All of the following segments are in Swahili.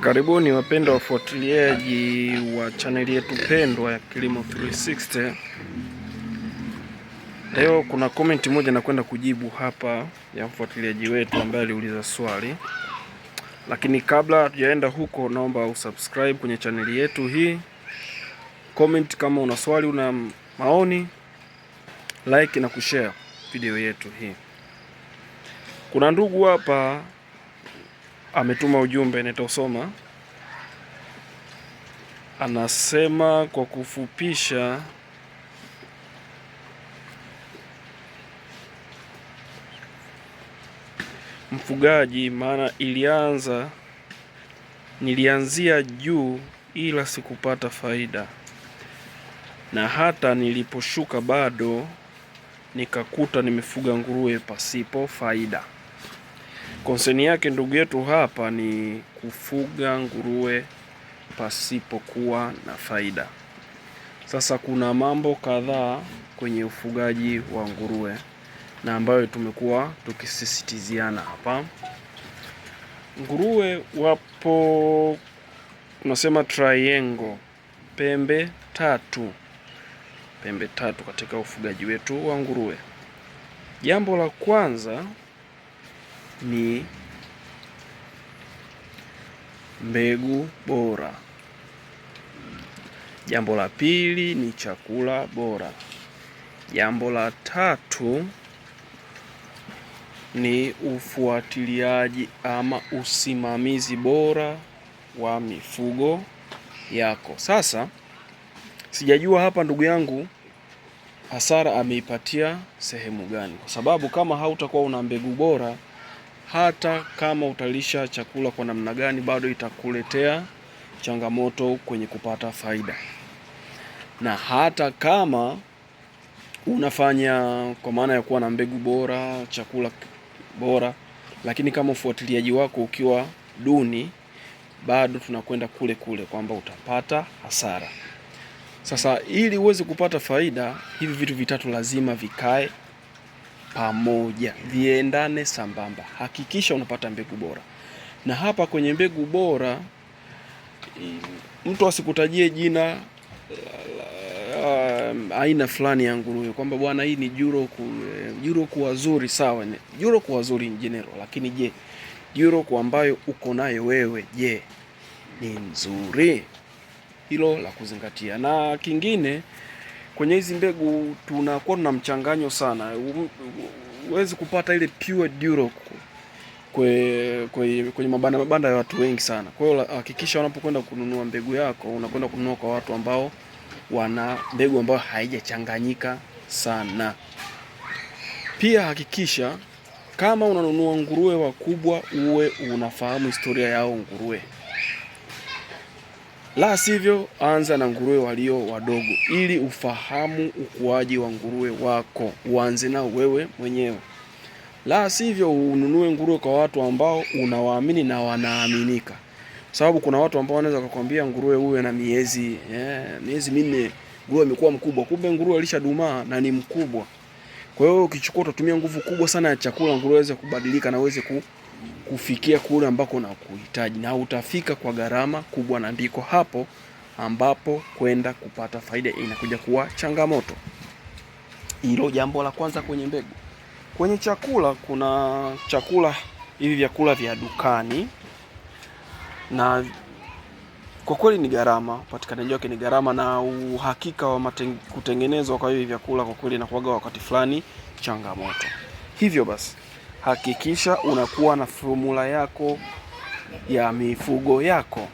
Karibuni wapendwa wafuatiliaji wa chaneli yetu pendwa ya Kilimo 360. Leo kuna komenti moja nakwenda kujibu hapa ya mfuatiliaji wetu ambaye aliuliza swali, lakini kabla hatujaenda huko, naomba usubscribe kwenye chaneli yetu hii, comment kama una swali, una maoni, like na kushare video yetu hii. Kuna ndugu hapa ametuma ujumbe, nitausoma. Anasema kwa kufupisha mfugaji, maana ilianza nilianzia juu ila sikupata faida, na hata niliposhuka bado nikakuta nimefuga nguruwe pasipo faida. Konseni yake ndugu yetu hapa ni kufuga nguruwe pasipokuwa na faida. Sasa kuna mambo kadhaa kwenye ufugaji wa nguruwe na ambayo tumekuwa tukisisitiziana hapa. Nguruwe wapo unasema triangle, pembe tatu, pembe tatu katika ufugaji wetu wa nguruwe. Jambo la kwanza ni mbegu bora. Jambo la pili ni chakula bora. Jambo la tatu ni ufuatiliaji ama usimamizi bora wa mifugo yako. Sasa sijajua hapa ndugu yangu hasara ameipatia sehemu gani, kwa sababu kama hautakuwa una mbegu bora hata kama utalisha chakula kwa namna gani, bado itakuletea changamoto kwenye kupata faida, na hata kama unafanya kwa maana ya kuwa na mbegu bora, chakula bora, lakini kama ufuatiliaji wako ukiwa duni, bado tunakwenda kule kule kwamba utapata hasara. Sasa ili uweze kupata faida, hivi vitu vitatu lazima vikae pamoja, viendane sambamba. Hakikisha unapata mbegu bora. Na hapa kwenye mbegu bora, mtu asikutajie jina eh, aina fulani ya nguruwe kwamba bwana, hii ni Juroku. Eh, Juroku wazuri, sawa, Juroku wazuri in general, lakini je, Juroku ambayo uko nayo wewe, je, ni nzuri? Hilo la kuzingatia. Na kingine kwenye hizi mbegu tunakuwa tuna mchanganyo sana, huwezi kupata ile pure duroc kwe, kwe, kwenye mabanda mabanda ya watu wengi sana. Kwa hiyo hakikisha unapokwenda kununua mbegu yako unakwenda kununua kwa watu ambao wana mbegu ambayo haijachanganyika sana. Pia hakikisha kama unanunua nguruwe wakubwa, uwe unafahamu historia yao nguruwe la sivyo, anza na nguruwe walio wadogo ili ufahamu ukuaji wa nguruwe wako, uanze nao wewe mwenyewe. La sivyo, ununue nguruwe kwa watu ambao unawaamini na wanaaminika, sababu kuna watu ambao wanaweza kukwambia nguruwe huyo na miezi yeah, miezi minne nguruwe amekuwa mkubwa, kumbe nguruwe alishadumaa na ni mkubwa. Kwa hiyo ukichukua, utatumia nguvu kubwa sana ya chakula nguruwe aweze kubadilika na aweze ku kufikia kule ambako unakuhitaji, na utafika kwa gharama kubwa, na ndiko hapo ambapo kwenda kupata faida inakuja kuwa changamoto. Hilo jambo la kwanza kwenye mbegu. Kwenye chakula, kuna chakula hivi vyakula vya dukani, na kwa kweli ni gharama, upatikanaji wake ni gharama, na uhakika wa kutengenezwa kwa hivi vyakula kwa kweli inakuwaga wakati fulani changamoto. Hivyo basi hakikisha unakuwa na fomula yako ya mifugo yako.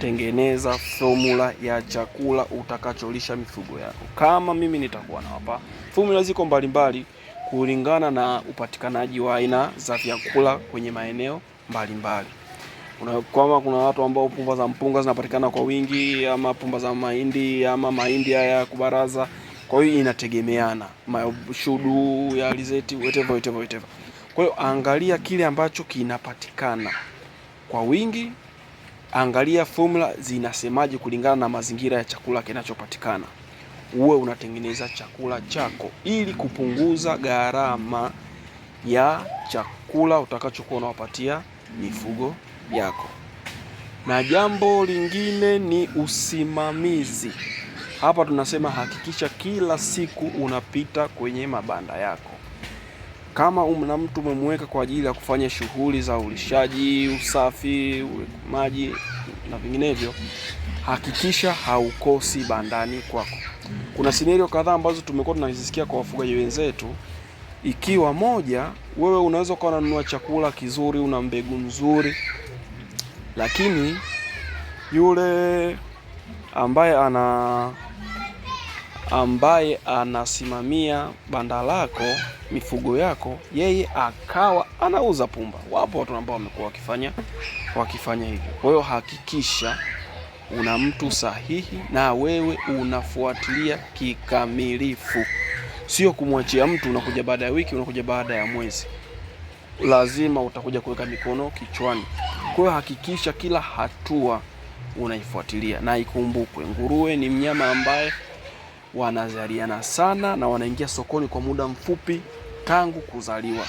Tengeneza fomula ya chakula utakacholisha mifugo yako. Kama mimi nitakuwa nawapa fomula, ziko mbalimbali kulingana na upatikanaji wa aina za vyakula kwenye maeneo mbalimbali. Kama kuna watu ambao pumba za mpunga zinapatikana kwa wingi, ama pumba za mahindi, ama mahindi haya ya kubaraza kwa hiyo inategemeana mashudu ya alizeti whatever whatever whatever. Kwa hiyo angalia kile ambacho kinapatikana kwa wingi, angalia formula zinasemaje kulingana na mazingira ya chakula kinachopatikana, uwe unatengeneza chakula chako ili kupunguza gharama ya chakula utakachokuwa unawapatia mifugo yako. Na jambo lingine ni usimamizi. Hapa tunasema hakikisha kila siku unapita kwenye mabanda yako. Kama una mtu umemweka kwa ajili ya kufanya shughuli za ulishaji, usafi, maji na vinginevyo, hakikisha haukosi bandani kwako. Kuna scenario kadhaa ambazo tumekuwa tunazisikia kwa wafugaji wenzetu, ikiwa moja, wewe unaweza ukawa unanunua chakula kizuri, una mbegu nzuri, lakini yule ambaye ana ambaye anasimamia banda lako, mifugo yako, yeye akawa anauza pumba. Wapo watu ambao wamekuwa wakifanya wakifanya hivyo. Kwa hiyo hakikisha una mtu sahihi na wewe unafuatilia kikamilifu, sio kumwachia mtu, unakuja baada ya wiki, unakuja baada ya mwezi, lazima utakuja kuweka mikono kichwani. Kwa hiyo hakikisha kila hatua unaifuatilia, na ikumbukwe, nguruwe ni mnyama ambaye wanazaliana sana na wanaingia sokoni kwa muda mfupi tangu kuzaliwa.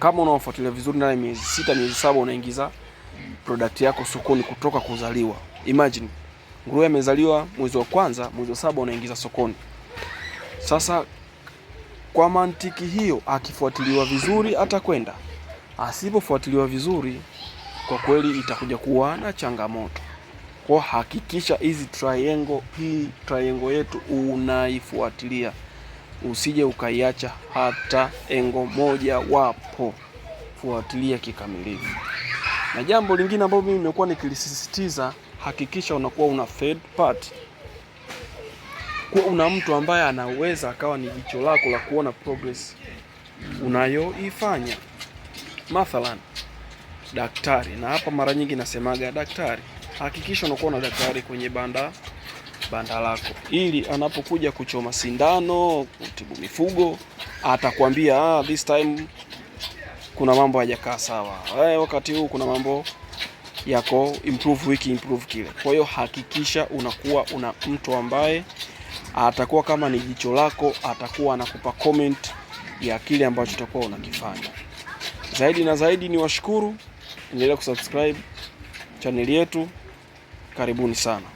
Kama unaofuatilia vizuri, ndani ya miezi sita, miezi saba unaingiza product yako sokoni kutoka kuzaliwa. Imagine nguruwe amezaliwa mwezi wa kwanza, mwezi wa saba unaingiza sokoni. Sasa kwa mantiki hiyo, akifuatiliwa vizuri atakwenda, asipofuatiliwa vizuri, kwa kweli itakuja kuwa na changamoto. Kwa hakikisha hizi triangle, hii triangle yetu unaifuatilia, usije ukaiacha hata engo moja wapo, fuatilia kikamilifu. Na jambo lingine ambalo mimi nimekuwa nikilisisitiza, hakikisha unakuwa una third party, kuwa una mtu ambaye anaweza akawa ni jicho lako la kuona progress unayoifanya, mathalan daktari. Na hapa mara nyingi nasemaga daktari hakikisha unakuwa na daktari kwenye banda banda lako, ili anapokuja kuchoma sindano, kutibu mifugo, atakwambia ah, this time kuna mambo hayajakaa sawa, eh, wakati huu kuna mambo yako improve wiki improve kile. Kwa hiyo hakikisha unakuwa una mtu ambaye atakuwa kama ni jicho lako, atakuwa anakupa comment ya kile ambacho utakuwa unakifanya. Zaidi na zaidi, ni washukuru, endelea kusubscribe chaneli yetu. Karibuni sana.